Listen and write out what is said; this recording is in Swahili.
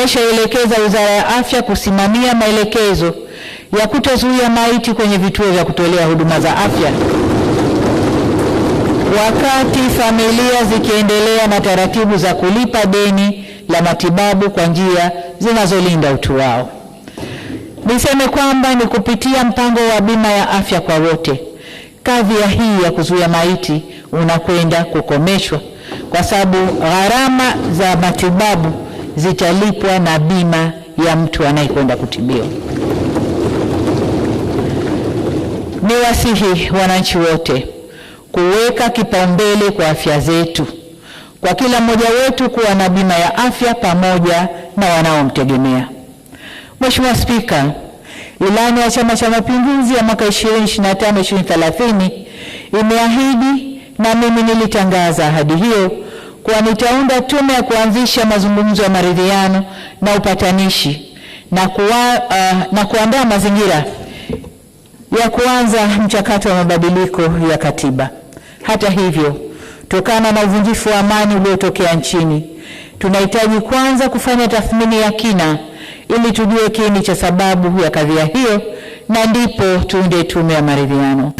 ameshaelekeza Wizara ya Afya kusimamia maelekezo ya kutozuia maiti kwenye vituo vya kutolea huduma za afya wakati familia zikiendelea na taratibu za kulipa deni la matibabu kwa njia zinazolinda utu wao. Niseme kwamba ni kupitia mpango wa bima ya afya kwa wote, kadhia hii ya kuzuia maiti unakwenda kukomeshwa, kwa sababu gharama za matibabu zitalipwa na bima ya mtu anayekwenda kutibiwa. Ni wasihi wananchi wote kuweka kipaumbele kwa afya zetu, kwa kila mmoja wetu kuwa na bima ya afya pamoja na wanaomtegemea. Mheshimiwa Spika, ilani ya Chama cha Mapinduzi ya mwaka 2025-2030 imeahidi na mimi nilitangaza ahadi hiyo kuwa nitaunda tume ya kuanzisha mazungumzo ya maridhiano na upatanishi na, kuwa, uh, na kuandaa mazingira ya kuanza mchakato wa mabadiliko ya katiba. Hata hivyo, tokana na uvunjifu wa amani uliotokea nchini, tunahitaji kwanza kufanya tathmini ya kina ili tujue kiini cha sababu ya kadhia hiyo na ndipo tuunde tume ya maridhiano.